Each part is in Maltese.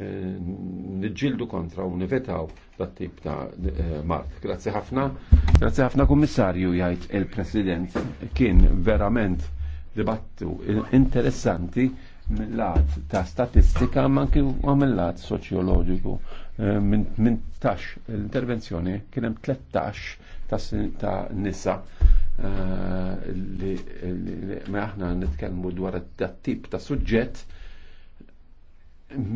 Eh, nġildu kontra u nivetaw dat tip ta' eh, Mark. Grazzi ħafna, grazzi ħafna kummissarju jgħid il-President kien verament dibattu interessanti mill-lat ta' statistika ma' anki mill-lat soċjoloġiku. Eh, minn tax l-intervenzjoni kien hemm 13 ta' nisa li ma aħna nitkellmu dwar dat tip ta' suġġett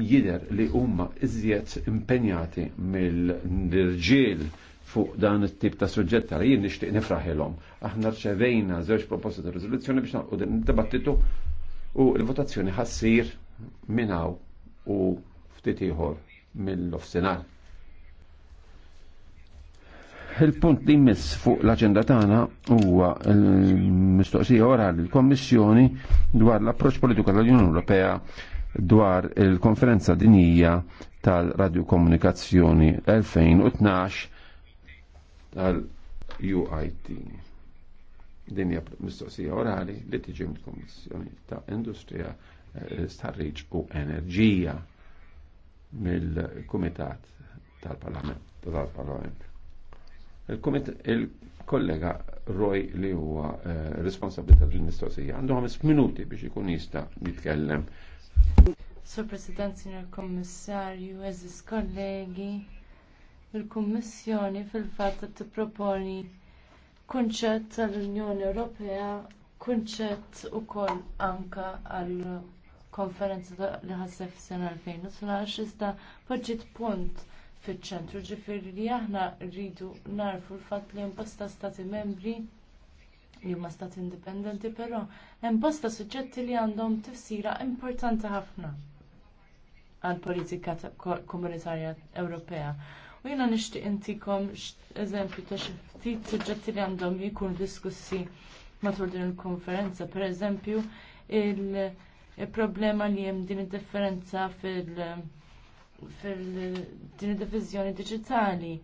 jider li huma iżjed impenjati mill-irġiel fuq dan it-tip ta' suġġett li jien nixtieq nifraħilhom. Aħna rċevejna żewġ proposti ta' riżoluzzjoni biex naqgħu din id-dibattitu u l-votazzjoni ħassir minn hawn u ftit ieħor mill-ofsinhar. Il-punt li jmiss fuq l-aġenda tagħna huwa l-mistoqsija orali l-Kommissjoni dwar l-approċċ politika tal-Unjoni Ewropea dwar il-konferenza dinija tal-radiokomunikazzjoni 2012 tal-UIT. Din hija mistoqsija orali li tiġi mill-Kommissjoni ta' Industrija, eh, Starriġ u Enerġija mill-Kumitat tal-Parlament. Tal-Parlament. Il-kollega Roy li huwa eh, responsabli tal-mistoqsija għandu 5 minuti biex ikun jista' jitkellem Sur President, Signor Kommissarju, eżis kollegi, il-Kummissjoni fil-fatt tipproponi kunċett għall unjoni Ewropea, kunċett ukoll anke għall konferenza li ħassef sena 2012 iżda poġġiet punt fiċ-ċentru ġifieri li aħna rridu narfu l-fatt li jimbasta stati membri li huma stat indipendenti, però hemm bosta suġġetti li għandhom tifsira importanti ħafna għall politika komunitarja Ewropea. U jiena nixtieq intikom eżempju ta' xi ftit suġġetti li għandhom jkunu diskussi matul din il-konferenza, pereżempju il-problema li hemm din id-differenza fil- fil-din id divizjoni diġitali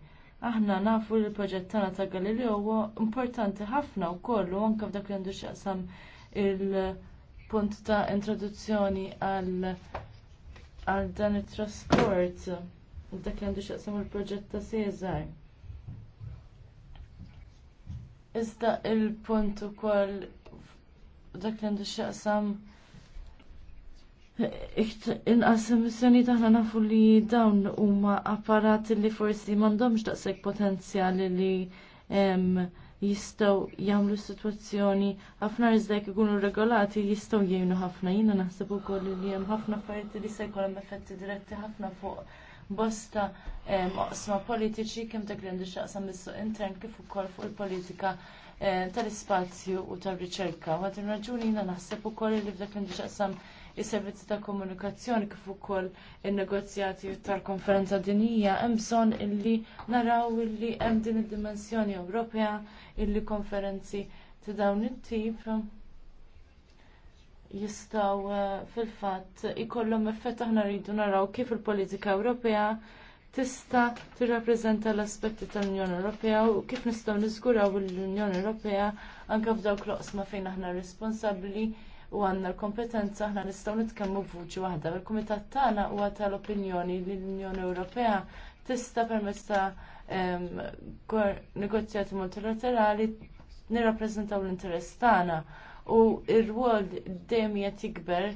Aħna nafu li l-proġett tagħna ta' Galileo huwa importanti ħafna wkoll u anke f'dak li għandu x'jaqsam il-punt ta' introduzzjoni għal għal dan it-trasport dak li għandu x'jaqsam il-proġett ta' Cesar. Iżda il-punt ukoll dak li għandu x'jaqsam inqasem missjoni taħna nafu li dawn huma apparat li forsi m'għandhomx daqshekk potenzjali li jistgħu jagħmlu situazzjoni sitwazzjoni ħafna iżdek ikunu regolati jistgħu jgħinu ħafna. Jiena naħseb ukoll li hemm ħafna affarijiet li se jkollhom effetti diretti ħafna fuq bosta oqsma politiċi kemm dak li għandu x'aqsam bis-suq intern kif ukoll fuq il-politika eh, tal-ispazju u tar-riċerka. ir raġuni jiena naħseb ukoll li f'dak li għandu x'aqsam is-servizzi ta' komunikazzjoni kif ukoll in-negozjati tal-konferenza dinija hemm bżonn illi naraw illi hemm din id-dimensjoni Ewropea illi konferenzi ta' dawn it-tip jistgħu eh, fil-fatt ikollhom effett aħna rridu naraw kif il-politika Ewropea tista tirrappreżenta l-aspetti tal-Unjoni Ewropea u kif nistgħu niżguraw l-Unjoni Ewropea anke f'dawk l-oqsma fejn aħna responsabbli u għandna l-kompetenza aħna nistgħu nitkellmu b'vuċi waħda. Il-Kumitat tagħna huwa tal-opinjoni li l-Unjoni Ewropea tista' permezz ta' negozjati multilaterali nirrappreżentaw l-interess tagħna u r-rwol dejjem qed jikber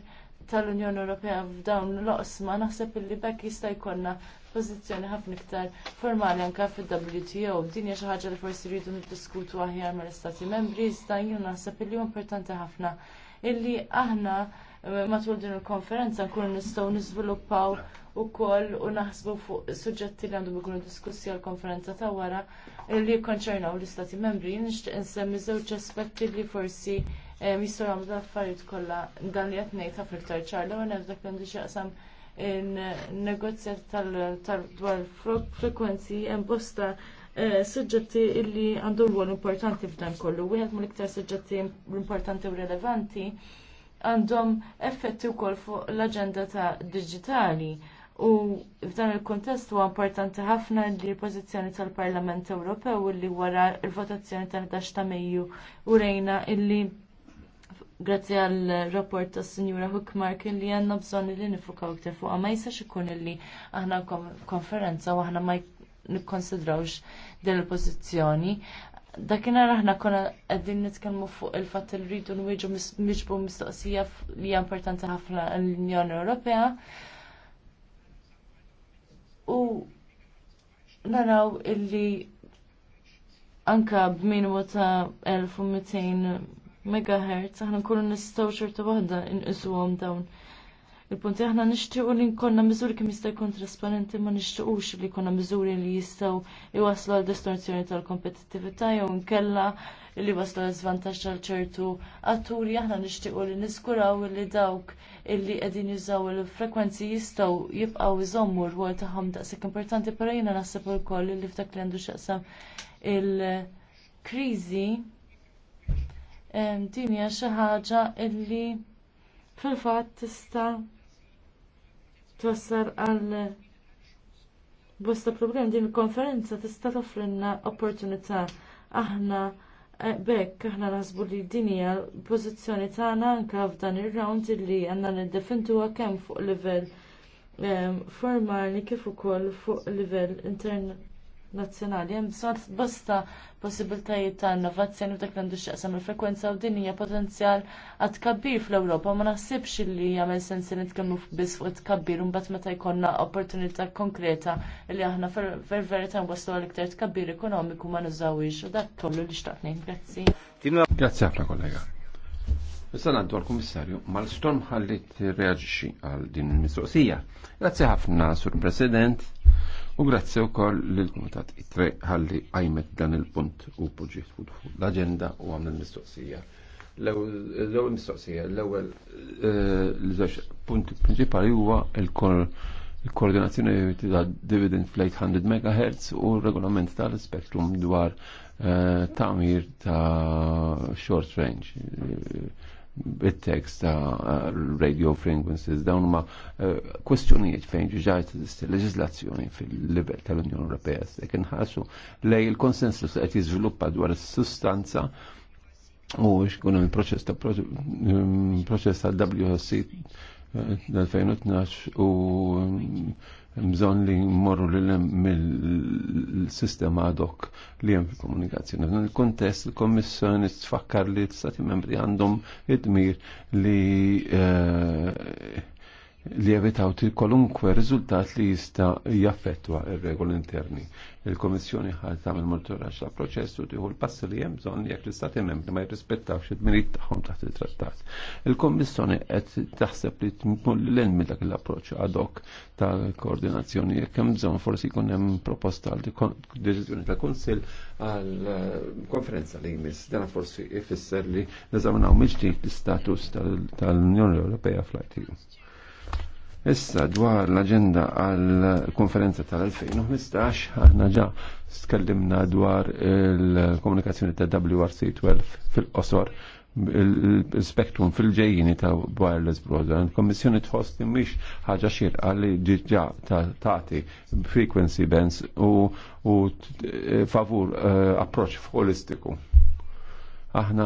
tal-Unjoni Ewropea f'dawn l-oqsma naħseb illi bekk jista' jkollna pożizzjoni ħafna iktar formali anke fil-WTO. Din hija xi ħaġa li forsi rridu niddiskutu aħjar mal-Istati Membri, iżda jien naħseb illi hu importanti ħafna illi aħna eh, matul din il-konferenza nkunu nistgħu niżviluppaw ukoll u naħsbu fuq suġġetti li għandhom ikunu diskussi għall konferenza ta' wara li jikkonċernaw l-istati membri nixtieq insemmi żewġ aspetti li forsi eh, jistgħu jagħmlu l-affarijiet kollha dan li qed ngħid ħafna iktar ċarla u dak li għandu x'jaqsam in-negozjat tal-dwar frekwenzi hemm bosta Eh, suġġetti illi għandu rwol importanti f'dan kollu. Wieħed mill-iktar suġġetti importanti u rilevanti għandhom effetti wkoll fuq l-aġenda ta' digitali. U f'dan il-kontest huwa importanti ħafna li l-pożizzjoni tal-Parlament Ewropew li wara l-votazzjoni tal-11 ta' Mejju u rejna illi grazzi għal rapport tas Sinjura Hookmark illi għanna bżonni li nifukaw iktar fuqha ma jistax ikun illi aħna konferenza u aħna ma nikkonsidrawx din il pozizjoni Dakina aħna konna qegħdin nitkellmu fuq il-fatt li rridu nwieġu miġbu mistoqsija li hija importanti ħafna l-Unjoni Ewropea. U naraw illi anka b'minimu ta' 1200 MHz aħna nkunu nistgħu xorta waħda inqisuhom dawn il-punti aħna nixtiequ li nkollna miżuri kim jista' jkun trasparenti ma nixtiequx li jkollna miżuri li jistgħu iwaslu għal distorzjoni tal-kompetittività jew nkella li waslu għal żvantaġġ għal ċertu atturi aħna nixtiequ li niskuraw li dawk illi qegħdin jużaw il-frekwenzi jistgħu jibqgħu iżommu r-rwol tagħhom daqshekk importanti però jiena naħseb ukoll li f'dak li għandu x'aqsam il-kriżi din hija xi ħaġa illi fil-fatt tista' twassal għal bosta problem din il-konferenza tista' tofrinna opportunità aħna eh, bekk aħna nasbu li din hija l-pożizzjoni tagħna anke f'dan ir-round illi għandna niddefintuha kemm fuq livell eh, formali kif ukoll fuq livell intern nazzjonali hemm bosta possibiltajiet ta' innovazzjoni u li għandu x'jaqsam il-frekwenza u din hija potenzjal għad tkabbir fl-Ewropa ma naħsibx li jagħmel sens li nitkellmu biss fuq tkabbir u mbagħad meta jkollna opportunità konkreta li aħna ver-verità nwasslu għal iktar tkabbir ekonomiku ma nużawix u dak kollu li xtaqt ngħid. Grazzi. Grazzi ħafna kollega. Issa nagħtu għall-Kummissarju mal-storm ħallit reagġi għal din il-mistoqsija. Grazzi ħafna, Sur President. U grazzi u koll l-Komitat tre ħalli għajmet dan il-punt u poġġiet fuq l-agenda u għamna l-mistoqsija. L-ewwel mistoqsija, l-ewwel ewel eh, l żewġ punti prinċipali huwa il-koordinazzjoni ta' dividend flight 100 MHz u regolament tal-spektrum dwar eh, tamir ta' short range bit-tekst ta' radio frequencies dawn ma' eh, kwestjonijiet fejn ġiġajt leġislazzjoni fil-livell tal-Unjoni Ewropea. Sekin ħassu lej il-konsensus qed jiżviluppa dwar is-sustanza u xkun hemm proċess ta' mm, proċess tal-WSC 2012 eh, u bżon li morru li mill-sistema ad hoc li jem fil-komunikazzjoni. nel il-kontest il-Kommissjoni tfakkar li l-Stati membri għandhom id-dmir li eh, li evitaw kolunkwe riżultat li jista jaffettwa il regoli interni. Il-Komissjoni ħad tamil monitoraġġ ta' proċessu tieħu l-passi li hemm bżonn jekk l-Istati membri ma jirrispettawx id-mirijiet tagħhom taħt it-trattat. il komissjoni qed taħseb li l minn dak l-approċċ ad hoc ta' koordinazzjoni jekk hemm forsi jkun hemm proposta għal deċiżjoni tal-Kunsill għal eh, konferenza li jmiss. Dan forsi jifisser li neżaminaw mill l status tal-Unjoni Ewropea fl-ITU. Issa dwar l-agenda għal-konferenza tal-2015 aħna ġa tkellimna dwar il-komunikazzjoni ta' WRC12 fil-qosor il-spektrum fil-ġejjini ta' wireless broadband. Kommissjoni tħoss li mhix ħaġa għalli li ġiġġa tagħti frequency bands u eh, favur eh, approċċ holistiku aħna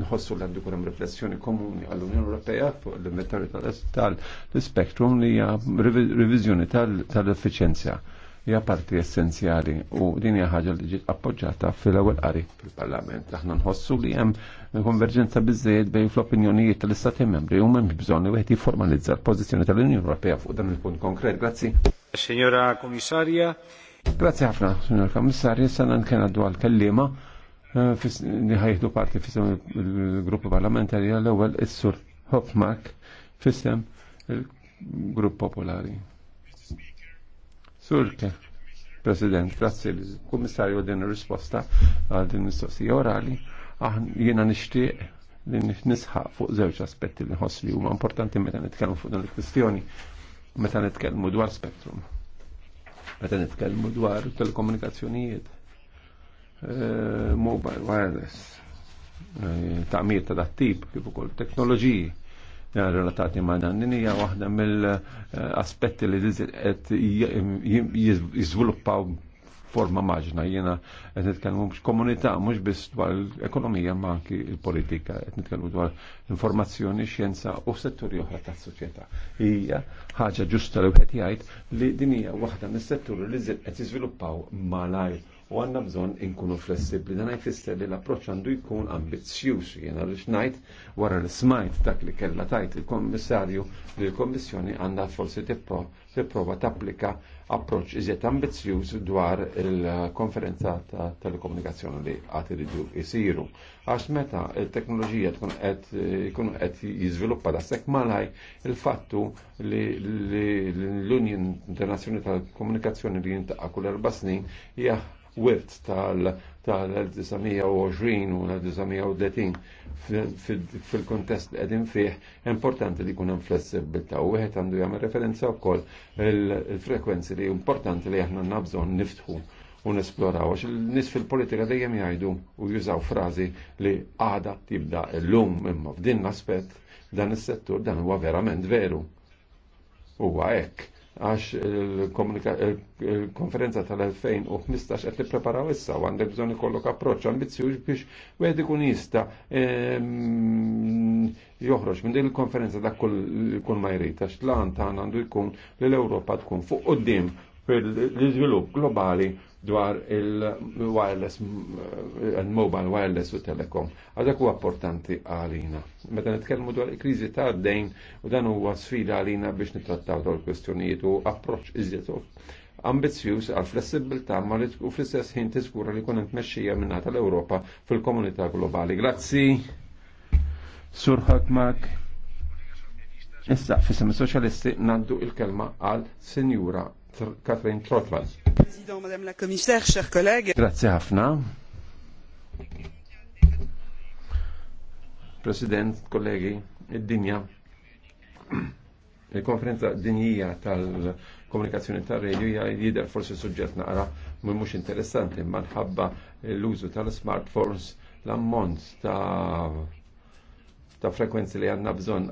nħossu l-għandu kunem riflessjoni komuni għall-Unjoni Ewropea fuq l-inventari tal-spektrum li hija revizjoni tal efficienza hija parti essenzjali u din hija ħaġa li ġiet appoġġjata fil-ewwel qari fil-Parlament. Aħna nħossu li hemm konverġenza biżejjed bejn fl-opinjonijiet tal-Istati membri u hemm bżonn li wieħed jiformalizza l-pożizzjoni tal-Unjoni Ewropea fuq dan il-punt konkret. Grazzi. Signora Komissarja. Grazzi ħafna, Signor Komissarja, sa kien għaddu għal-kellima li eh, ħajħdu parti fissem il-gruppi parlamentari għall-ewel is-sur Hofmark fissem il-grupp popolari. Surke, President, grazzi l-Kummissarju din risposta għal din mistoqsija orali. Jiena nixtieq li nisħaq fuq żewġ aspetti li nħoss li huma importanti meta nitkellmu fuq dan il-kwistjoni, meta nitkellmu dwar spektrum, meta nitkellmu dwar telekomunikazzjonijiet Eh, mobile, wireless, eh, ta'mir ta' dat-tip, kif ukoll teknoloġiji eh, relatati ma' dan din hija waħda mill-aspetti li qed jiżviluppaw forma maġna jiena qed nitkellmu biex komunità mhux biss dwar l-ekonomija ma anki l-politika qed nitkellmu dwar informazzjoni, xjenza u setturi oħra tas-soċjetà. Hija ħaġa ġusta li wieħed jgħid li din hija waħda mis-setturi li qed jiżviluppaw malajr u għanna bżon inkunu flessibli. Dan jfisser li l-approċ għandu jkun ambizzjuż jena li xnajt wara li smajt dak li kella tajt il-kommissarju li l-kommissjoni għandha forsi tipprova tapplika approċ iżjed ambizzjuż dwar il-konferenza ta' telekomunikazzjoni li għati iridu jisiru. Għax meta il-teknoloġija tkun qed jiżviluppa da' sekk malaj il-fattu li l-Unjon Internazzjoni tal-Komunikazzjoni li jintaqa' kull erba' snin hija wirt tal-1920 u l-1930 fil-kontest edin fih importanti li kunem flessibilta u għed għandu jgħamil referenza u koll il-frekwenzi li importanti li jgħahna nabżon niftħu u nesploraw, għax nis fil-politika dejjem jgħidu u jużaw frażi li għada tibda l-lum imma f'din l-aspet dan is-settur dan huwa verament veru. Huwa hekk għax il-konferenza tal-2015 qed preparaw issa għand għandek bżonn ikollok approċċ ambizjuġ biex għed ikun jista' ehm, joħroġ minn din il-konferenza da kull ma jrid għax l-għan għandu jkun li l-Ewropa tkun fuq quddiem fil-iżvilupp globali dwar il-wireless, il-mobile wireless u telekom. Għadak huwa importanti għalina. Meta nitkellmu dwar il-kriżi ta' dejn u dan huwa sfida għalina biex nittrattaw dwar il-kwestjonijiet u approċċ iżjed Ambizjuż għal flessibilità ma li u fl-istess ħin tiżgura li kunent tmexxija minna tal europa fil-komunità globali. Grazzi. Sur Hakmak. Issa, fissem soċalisti naddu il-kelma għal senjura Katrin Trotman. President, Madame la Commissaire, chers collègues. Grazie ħafna. President, kollegi, id-dinja. Il-konferenza dinjija tal-komunikazzjoni tal-radio hija jider forsi suġġett naqra mhux interessanti, ma nħabba l-użu tal-smartphones l-ammont ta' ta' frekwenzi li għanna bżon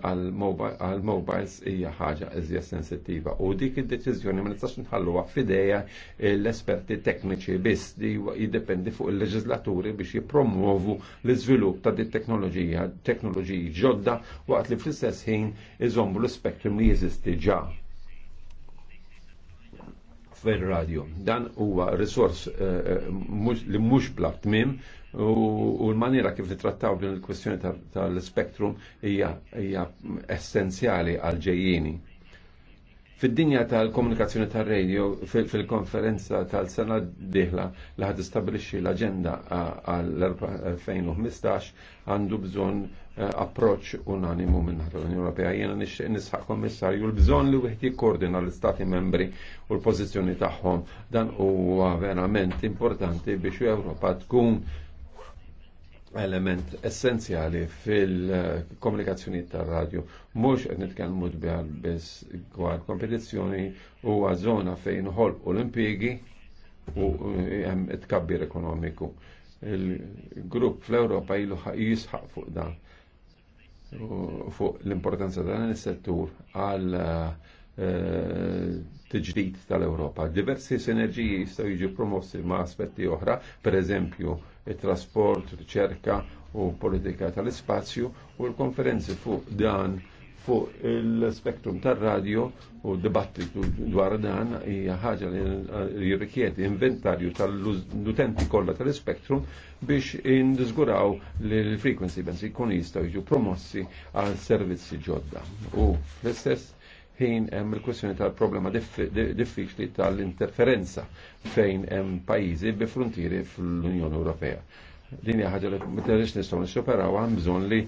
għal-mobiles hija ħaġa iżja sensittiva. U dik id-deċiżjoni ma nistax nħallu għaffideja l-esperti tekniċi biss li jiddependi fuq il-leġislaturi biex jipromuovu l-iżvilupp ta' di teknoloġija, teknoloġiji ġodda waqt li fl-istess ħin iżommu l-spektrum li jeżisti ġa fil-radio. Dan huwa risors eh, eh, li mhux bla tmim u l-maniera kif nitrattaw din il-kwestjoni tal-spektrum hija essenzjali għal ġejjini. Fid-dinja tal-komunikazzjoni tal-radio, fil-konferenza tal-sena diħla li ħad istabilixi l-agenda għal-2015 għandu bżon eh, approċ unanimu minn l-Unjoni Ewropea. Jena nixtieq nisħaq kommissarju l-bżonn li wieħed jikkoordina l-Istati membri u l-pożizzjoni tagħhom dan huwa verament importanti biex Ewropa tkun element essenzjali fil-komunikazzjoni tar radio Mhux qed nitkellmu dwar biss dwar kompetizzjoni u żona fejn ħolqu olimpijgi u u eh, it kabbir ekonomiku. Il-grupp fl europa jilu jisħaq fuq dan fuq l-importanza dan il settur għal eh, t-ġdid tal-Europa. Diversi sinerġiji jistaw jiġu promossi ma' aspetti oħra, per eżempju, il-trasport, riċerka u politika tal spazju u l-konferenzi fuq dan fuq il-spektrum tal-radio u dibattitu dwar dan hija ħaġa li jirrikjedi inventarju tal-utenti kollha tal-spektrum biex indiżguraw li l-frequency bands jkun jistgħu jiġu promossi għal servizzi ġodda. U fl-istess ħin hemm il-kwestjoni tal-problema diffiċli tal-interferenza fejn hemm pajjiżi bi frontieri fl-Unjoni Ewropea. Din hija ħaġa li m'terix nistgħu nissuperaw hemm bżonn li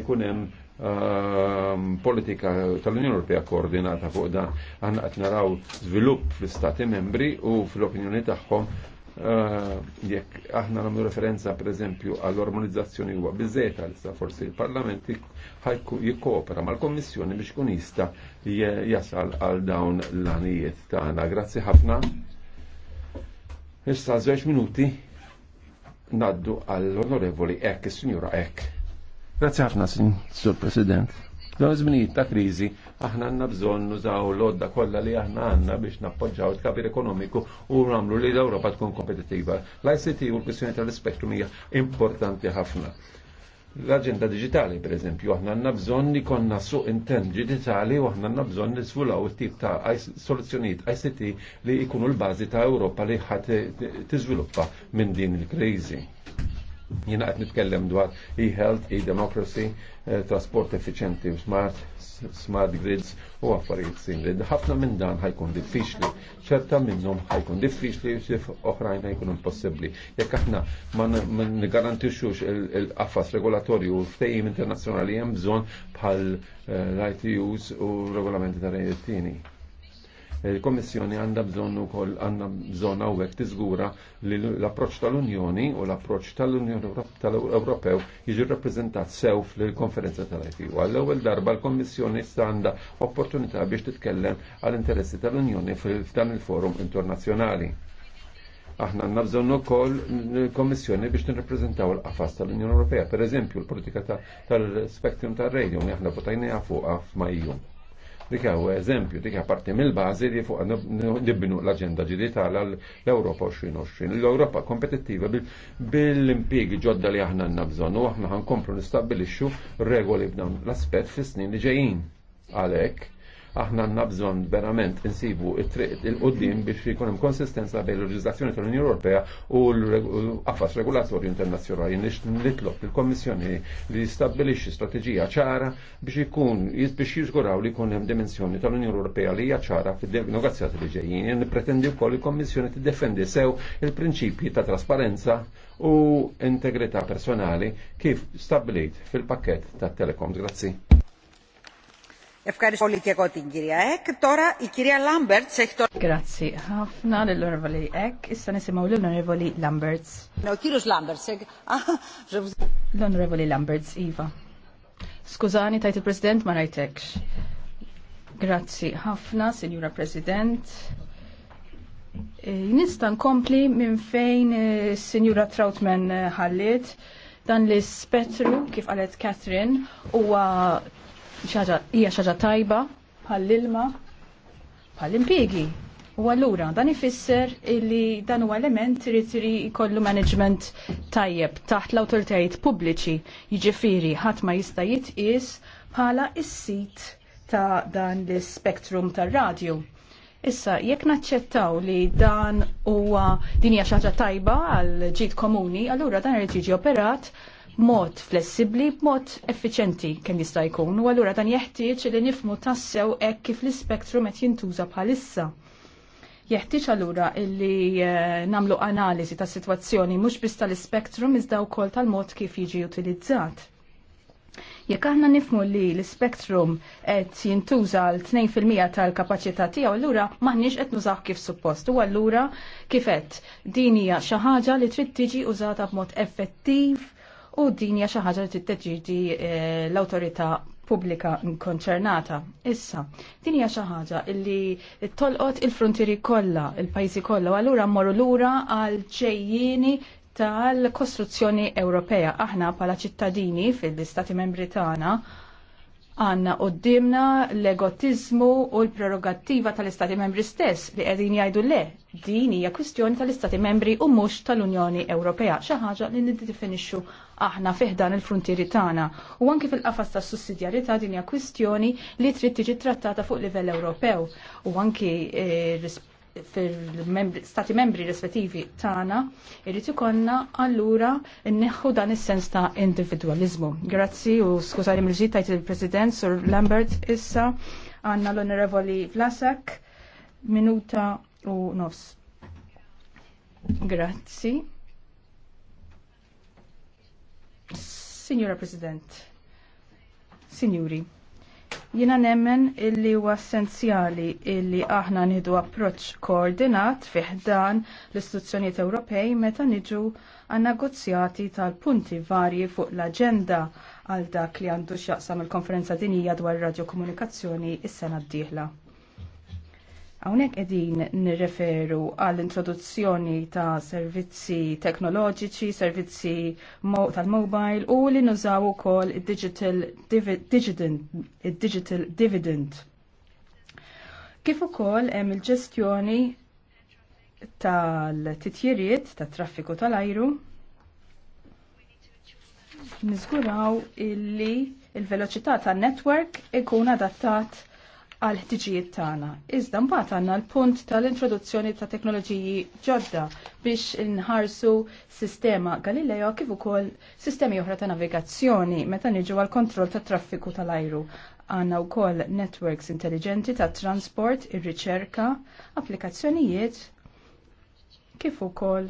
jkun hemm ehm, politika tal-Unjoni Ewropea koordinata fuq dan. Aħna qed naraw żvilupp fl-Istati membri u fl-opinjoni tagħhom Eh, jekk aħna nagħmlu referenza eżempju għall-ormonizzazzjoni huwa biżeta, għalissa forsi il-Parlament jikkopera mal-Kommissjoni biex kun jista' jasal għal dawn l-għanijiet tagħna. Grazzi ħafna. Issa żewġ minuti naddu għall-Onorevoli Ek, is-Sinjura Ek. Grazzi ħafna, Sur President. Dan żminijiet ta' kriżi aħna għandna bżonn nużaw l-odda kollha li aħna għandna biex nappoġġaw il kapir ekonomiku u nagħmlu li l-Ewropa tkun kompetittiva. L-ICT u l-kwistjoni tal-ispektrum hija importanti ħafna. L-agenda digitali, per eżempju, aħna għandna bżonn li konna suq intern digitali u aħna għandna bżonn nisfulaw it-tip ta' soluzzjonijiet ICT li jkunu l-bażi ta' Ewropa li ħadd tiżviluppa minn din il-kriżi jina għet nitkellem dwar e-health, e-democracy, eh, trasport efficienti, smart, smart grids u għaffariet simri. Ħafna minn dan ħajkun diffiċli, ċerta minnhom ħajkun diffiċli u oħrajn ħajkun impossibli. Jekk aħna ma nigarantixux il-qafas regolatorju u ftehim internazjonali jem bżon bħal right eh, use u regolamenti tal rejtini Il-Komissjoni għandha bżonn ukoll għandha bżonn hawnhekk tiżgura li l-approċċ tal-Unjoni u l-approċċ tal-Unjoni tal-Ewropew jiġi rappreżentat sew fil-konferenza tal-ITU. Għall-ewwel darba l komissjoni issa għandha opportunità biex titkellem għall-interessi tal-Unjoni f'dan il-forum internazzjonali aħna bżonn ukoll l komissjoni biex nirrepresentaw l-qafas tal-Unjoni Ewropea. Per eżempju, l-politika tal-spektrum tal-radio, aħna votajnija fuqa f'Majju. Dik huwa eżempju, dik parti mill-bażi li fuq nibbinu l-aġenda ġiri l-Ewropa 2020. L-Ewropa kompetittiva bil impiegi ġodda li aħna għandna bżonn u aħna ħankomplu nistabilixxu regoli b'dawn l-aspett fis-snin li ġejjin. Għalhekk Aħna għandna bżonn verament insibu it-triq il qoddim biex jkun hemm konsistenza bejn l-leġiżlazzjoni tal-Unjoni Ewropea u l-qafas regolatorju internazzjonali nitlob il-Kommissjoni li jistabbilixxi strateġija ċara biex ikun biex jiżguraw li jkun hemm dimensjoni tal-Unjoni Ewropea li hija ċara fid-negozjati li ġejjin. Nippretendi wkoll il t tiddefendi sew il-prinċipji ta' trasparenza u integrità personali kif stabbilit fil-pakket tat telekom Grazzi. Ευχαριστώ πολύ και εγώ την κυρία Εκ. Τώρα η κυρία Grazie. Ħafna l-Onorevoli Ek. Issa nisimaw l-Onorevoli Lamberts. No, kirus Lamberts. Eh. Ah, L-Onorevoli Lamberts, Iva. Skużani, tajt il-President ma rajtekx. Grazzi ħafna, Signora President. E, nista nkompli minn fejn eh, Signora Trautman eh, ħallit dan l spettru kif qalet Catherine huwa hija xaġa tajba bħall-ilma bħall-impjiegi. U allura dan ifisser illi dan huwa element irid jkollu management tajjeb taħt l-awtoritajiet pubbliċi jiġifieri ħadd ma jista' jitqies bħala is-sit ta' dan l-spektrum tar-radju. Issa, jekk naċċettaw li dan huwa din hija xi ħaġa tajba għal ġid komuni, allura dan irid jiġi operat b'mod flessibbli, b'mod effiċenti kemm jista' jkun, u allura dan jeħtieġ li nifmu tassew hekk kif l-ispektrum qed jintuża bħalissa. Jeħtieġ allura uh, eh, nagħmlu analiżi tas sitwazzjoni mhux biss tal-ispektrum iżda wkoll tal-mod kif jiġi utilizzat. Jekk aħna nifmu li l-spektrum qed jintuża l-2% tal-kapaċità tiegħu, allura m'aħniex qed nużaw kif suppost. U allura kif qed din hija xi ħaġa li trid tiġi użata b'mod effettiv u din hija xi ħaġa li titteġġiġi eh, l-awtorità pubblika konċernata. Issa, din hija xi ħaġa li tolqot il-frontieri kollha, il-pajjiżi kollha, u allura mmorru lura għal ġejjieni tal-kostruzzjoni Ewropea. Aħna bħala ċittadini fil-Istati Membri tagħna għanna dimna l-egotizmu u l-prerogattiva tal-Istati membri stess li qegħdin jgħidu le. Din hija kwistjoni tal-Istati membri u mhux tal-Unjoni Ewropea, xi ħaġa li niddefinixxu aħna fiħdan il-frontieri tagħna. U anki fil-qafas ta' sussidjarità din hija kwistjoni li trid tiġi trattata fuq livell Ewropew u anki eh, fil-stati membri rispettivi tagħna irid ikollna allura nneħħu dan is-sens ta' individualizmu. Grazzi u skużani mill-ġid tajt il-President Sur Lambert issa għandna l-Onorevoli Vlasak minuta u nofs. Grazzi. Signora President, Signori, jina nemmen illi huwa essenzjali illi aħna nidu approċ koordinat fiħdan l-istituzzjonijiet Ewropej meta niġu għan negozjati tal-punti varji fuq l-agenda għal dak li għandu xjaqsam il-konferenza dinija dwar radiokomunikazzjoni is-sena d-dieħla. Hawnhekk qegħdin nirreferu għall introduzzjoni ta' servizzi teknoloġiċi, servizzi tal-mobile u li nużaw ukoll id-digital dividend, digital dividend. Kif ukoll hemm il-ġestjoni tal-titjiriet tat-traffiku tal-ajru niżguraw illi il-veloċità tan-network ikun adattat għal ħtiġijiet tagħna. Iżda mbagħad għandna l-punt tal-introduzzjoni ta' teknoloġiji ġodda biex inħarsu sistema Galileo kif ukoll sistemi oħra ta' navigazzjoni meta niġu għal kontroll tat traffiku tal-ajru Għandna wkoll networks intelligenti ta' transport, ir-riċerka, applikazzjonijiet, kif ukoll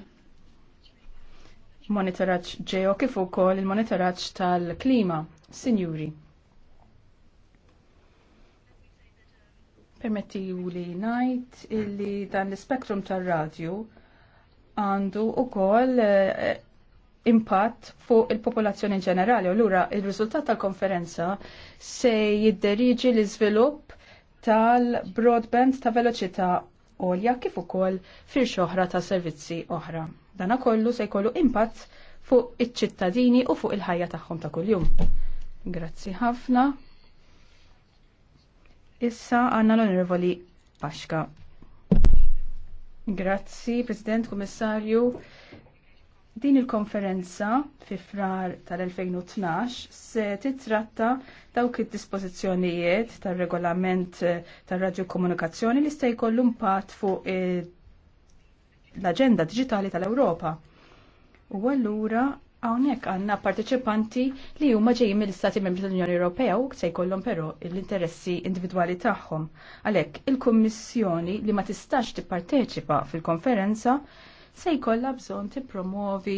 monitoraġġ ġeo, kif ukoll il-monitoraġġ tal-klima, sinjuri. Permetti li najt illi dan l-spektrum tal-radju għandu u koll eh, impatt fuq il-popolazzjoni ġenerali u lura il-riżultat tal-konferenza se jidderiġi l-iżvilupp tal-broadband ta' veloċità għolja kif ukoll firx oħra ta' servizzi oħra. Dana kollu se jkollu impatt fuq iċ-ċittadini u fuq il-ħajja tagħhom ta' kuljum. Grazzi ħafna. Issa għanna l-Onorevoli Paxka. Grazzi, President, Kommissarju. Din il-konferenza fi frar tal-2012 se titratta dawk id-dispożizzjonijiet tal-regolament tal radju komunikazzjoni li se jkollu impatt fuq l-aġenda digitali tal-Ewropa. U allura Hawnhekk għandna parteċipanti li huma ġejjin mill-Istati Membri tal-Unjoni Ewropea u se jkollhom però l-interessi individwali tagħhom. Għalhekk il-Kummissjoni li ma tistax tipparteċipa fil-konferenza se jkollha bżonn tippromovi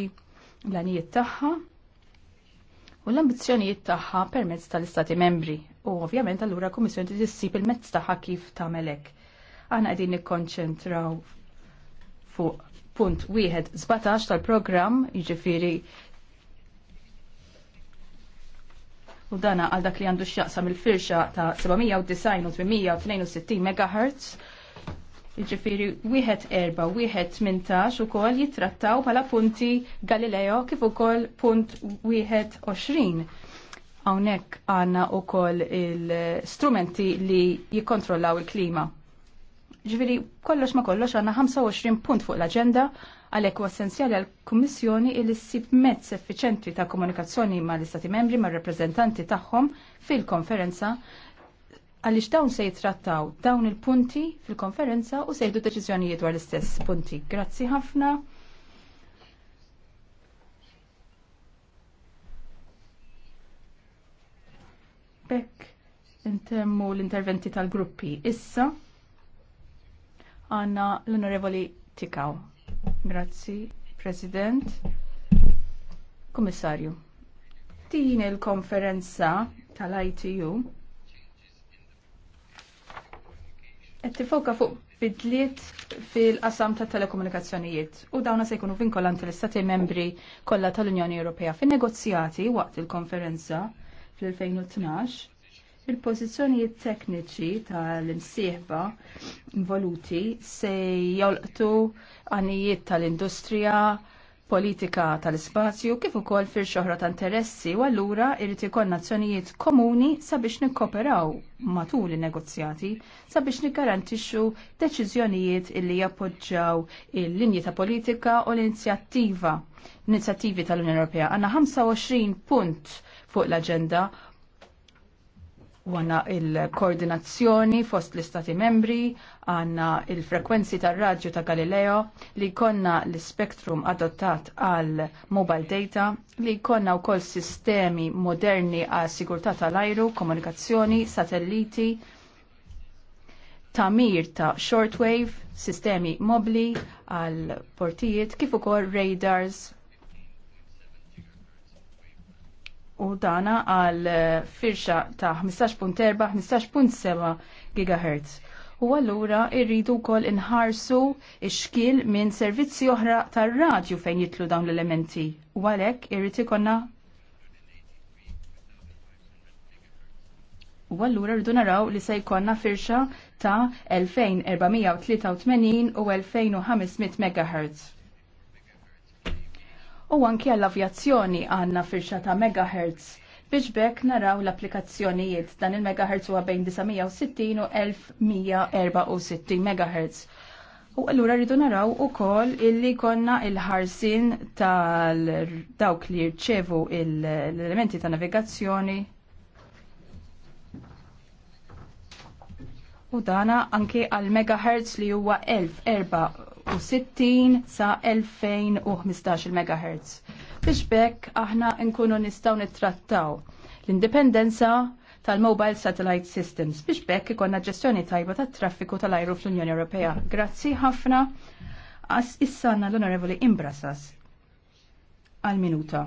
l-għanijiet tagħha u l-ambizzjonijiet tagħha permezz tal-Istati Membri. U ovvjament allura l-Kummissjoni tissib il-mezz tagħha kif tagħmel hekk. Aħna qegħdin nikkonċentraw fuq punt wieħed 17 tal-programm jiġifieri U dana għal dak li għandu x'jaqsam il-firxa ta' 790 862 MHz. Iġifiri, wieħed erba, wieħed mintax u kol jitrattaw pala punti Galileo kif ukoll punt wieħed 20. Hawnhekk għandna kol il-strumenti li jikkontrollaw il-klima. Ġviri, kollox ma kollox għanna 25 punt fuq l-agenda għalek u essenzjali għal-Kummissjoni s ssib mezz effiċenti ta' komunikazzjoni ma' l-Istati membri ma' rappresentanti tagħhom fil-konferenza għalix dawn se jitrattaw dawn il-punti fil-konferenza u se jiddu deċiżjonijiet dwar l-istess punti. Grazzi ħafna. Bekk intemmu l-interventi tal-gruppi issa għanna l-Onorevoli Tikaw. Grazzi, President, Komissarju. Din il-konferenza tal-ITU qed tifoka fuq bidliet fil-qasam ta' telekomunikazzjonijiet u dawna se jkunu vinkolanti l-Istati membri kollha tal-Unjoni Ewropea fin-negozjati waqt il-konferenza fl-2012 il-pożizzjonijiet tekniċi tal-imsieħba involuti se jolqtu għanijiet tal-industrija, politika tal-ispazju kif ukoll fir xoħra ta' interessi u allura irid ikun nazzjonijiet komuni sabiex nikkoperaw matul in-negozjati sabiex nikkarantixxu deċiżjonijiet illi jappoġġjaw il-linji ta' politika u l-inizjattiva l-inizjattivi tal-Unjoni Ewropea. Għandna 25 punt fuq l-agenda u għanna il-koordinazzjoni fost l-istati membri, għanna il-frekwenzi tar radju ta' Galileo, li konna l-spektrum adottat għal mobile data, li konna u kol sistemi moderni għal sigurtà tal-ajru, komunikazzjoni, satelliti, tamir ta' shortwave, sistemi mobli għal portijiet, kif ukoll radars, u dana għal eh, firxa ta' 15.4, 15.7 GHz. U allura irridu kol inħarsu ix-xkil minn servizzi oħra tar-radju fejn jitlu dawn l-elementi. U għalek irrid ikonna U allura rridu naraw li se jkollna firxa ta' 2483 u 2500 MHz u anki għall-avjazzjoni għandna firxa ta' megahertz biex bekk naraw l-applikazzjonijiet dan il-megahertz huwa bejn 960 u 1164 megahertz. U allura rridu naraw ukoll illi konna il-ħarsin tal-dawk li rċevu l-elementi ta' navigazzjoni U dana anki għal megahertz li huwa 1000 1960 sa 2015 MHz. Biex bekk aħna nkunu nistaw nittrattaw l-indipendenza tal-Mobile Satellite Systems biex bekk ikonna ġestjoni tajba tat-traffiku tal-ajru fl-Unjoni Ewropea. Grazzi ħafna għas issanna l-Onorevoli Imbrasas għal-minuta.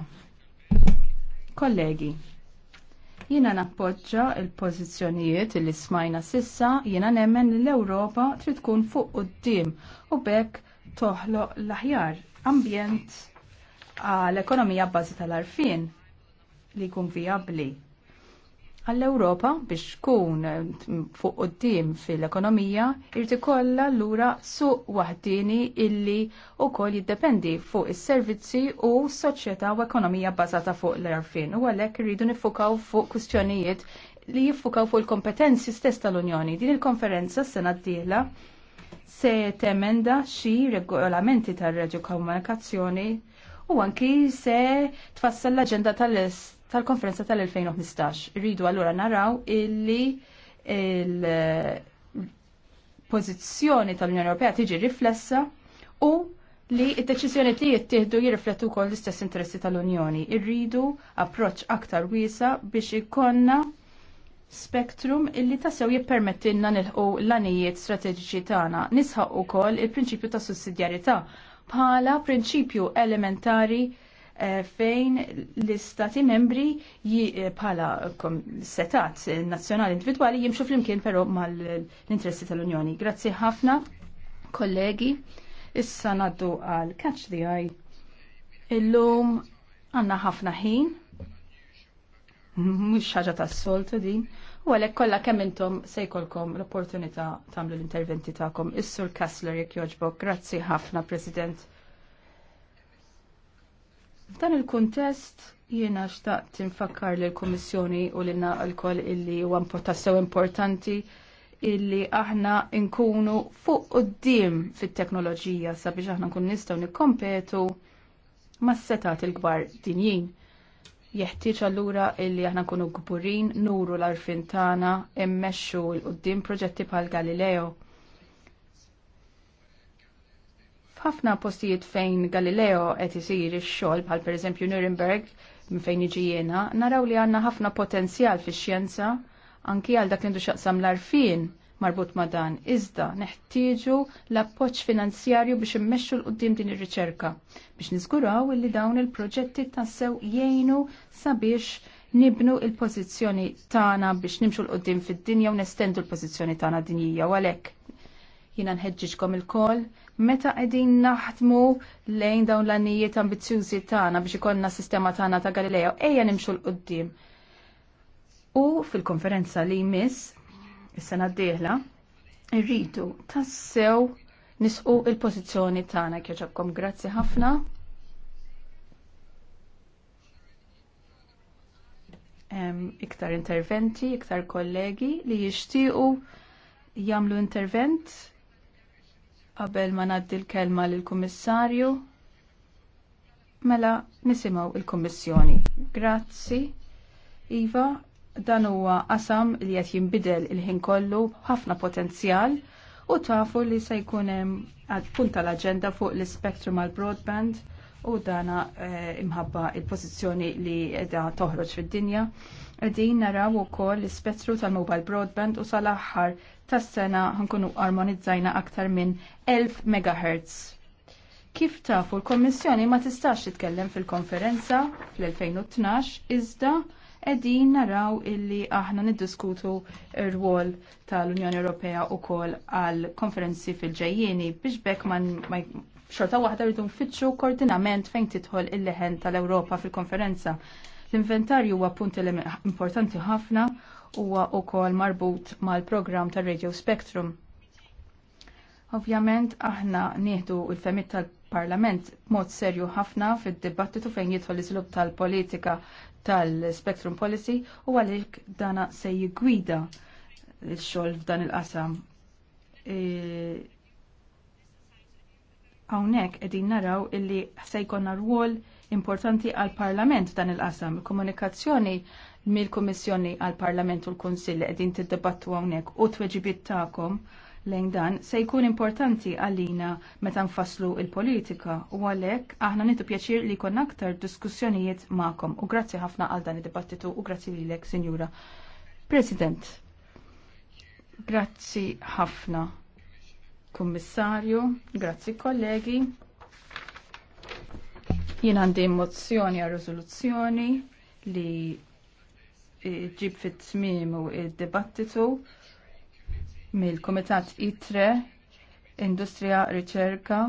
Kollegi, Jiena nappoġġa il-pożizzjonijiet li smajna sissa, jiena nemmen li l-Ewropa trid tkun fuq quddiem u bekk toħloq l-aħjar ambjent għall ekonomija bbażi tal-arfin li jkun vijabbli għall-Ewropa biex tkun eh, fuq qudiem fil-ekonomija irti kollha lura suq waħdini illi wkoll jiddependi fuq is-servizzi u soċjetà u ekonomija bbażata fuq l-arfin u għalhekk irridu nifukaw fuq kwistjonijiet li jiffukaw fuq il-kompetenzi stess tal-Unjoni. Din il-konferenza s-sena d-dieħla se temenda xi regolamenti tar-reġu komunikazzjoni u anki se tfassal l-aġenda tal-est tal-konferenza tal-2015. Rridu allura naraw illi il-pozizjoni eh, tal-Unjoni Ewropea tiġi riflessa u li id-deċizjoni li jittieħdu jirriflettu wkoll l-istess interessi tal-Unjoni. Irridu approċċ aktar wiesa biex ikonna spektrum illi tassew jippermettilna nilħu l-anijiet strateġiċi tagħna. Nisħaq ukoll il-prinċipju ta' sussidjarjetà bħala prinċipju elementari Eh, fejn l-istati membri eh, bħala setat nazzjonali individwali jimxu flimkien però mal-interessi tal-Unjoni. Grazzi ħafna, kollegi. Issa naddu għal Catch the Eye. Illum għanna ħafna ħin. Mux ħaġa tas soltu din. U għalek kolla kemm intom sejkolkom l-opportunità tamlu l-interventi ta'kom. Is-sur Kassler jek joġbok. Grazzi ħafna, President. F'dan il-kuntest jiena xtaqt tinfakkar lill kummissjoni u lilna l-koll illi huwa tassew importanti illi aħna nkunu fuq d-dim fit-teknoloġija sabiex aħna nkun nistgħu nikkompetu Ma setat il-kbar dinjin. Jeħtieġ allura illi aħna nkunu gburin nuru l-arfin tagħna immexxu l qoddim proġetti bħal Galileo. ħafna postijiet fejn Galileo qed isir ix-xogħol bħal pereżempju Nuremberg minn fejn iġi jiena, naraw li għandna ħafna potenzjal fix-xjenza anki għal dak li ndu xaqsam l-arfin marbut ma' dan. Iżda neħtieġu l-appoġġ finanzjarju biex immexxu l-qudiem din ir-riċerka biex niżguraw li dawn il-proġetti tassew jgħinu sabiex nibnu il-pożizzjoni tagħna biex nimxu l-qudiem fid-dinja u nestendu l-pożizzjoni tagħna dinjija u għalhekk. Jiena nħeġġiġkom il-koll meta qegħdin naħdmu lejn dawn l-annijiet ambizzjużi tagħna biex ikollna sistema tagħna ta' Galileo ejja nimxu l qudiem U fil-konferenza li jmiss is-sena d-dieħla irridu tassew nisqu il-pożizzjoni tagħna kieċabkom grazzi ħafna. iktar interventi, iktar kollegi li jixtiequ jagħmlu intervent Qabel ma naddi l-kelma lill-Kummissarju, mela nisimgħu il-Kummissjoni. Grazzi. Iva, dan huwa qasam li qed jinbidel il-ħin kollu ħafna potenzjal u tafu li se jkun hemm punt tal-aġenda fuq l ispettru għal broadband u dana eh, imħabba il-pożizzjoni li qiegħda toħroġ fid-dinja. Qegħdin naraw ukoll l-ispettru tal-mobile broadband u sal-aħħar tas-sena ħankunu armonizzajna aktar minn 1000 MHz. Kif tafu l-Kommissjoni ma tistax titkellem fil-konferenza fl-2012 iżda qegħdin naraw illi aħna niddiskutu r-rwol tal-Unjoni Ewropea wkoll għal konferenzi fil ġejjini biex bekk ma xorta waħda rridu nfittxu koordinament fejn tidħol il-leħen tal-Ewropa fil-konferenza. L-inventarju huwa punt importanti ħafna huwa wkoll marbut mal-programm tar-Radio Spectrum. Ovvjament aħna nieħdu l-femit tal-Parlament mod serju ħafna fid-dibattitu fejn jidħol l-iżlub tal-politika tal-Spectrum Policy u għalhekk dana se jigwida l-xogħol f'dan il-qasam e, Hawnhekk qegħdin naraw illi se jkollna rwol importanti għal parlament dan il-qasam. Il-komunikazzjoni mill-Kummissjoni għal Parlament u l-Kunsill li qegħdin debattu hawnhekk u tweġibiet tagħkom lejn dan se jkun importanti għalina meta nfasslu il-politika u għalhekk aħna nitu pjaċir li kon aktar diskussjonijiet magħkom u grazzi ħafna għal dan id-dibattitu u grazzi lilek, Signora President, grazzi ħafna. Kummissarju, grazzi kollegi. Jien għandi mozzjoni għal riżoluzzjoni li ġib fit tmim u id-dibattitu mill-Kumitat ITRE Industrija Riċerka,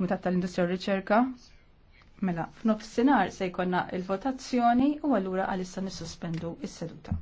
Kumitat tal-Industrija u Riċerka. Mela, f'nofsinhar se jkollna il-votazzjoni u allura għalissa nissospendu is-seduta.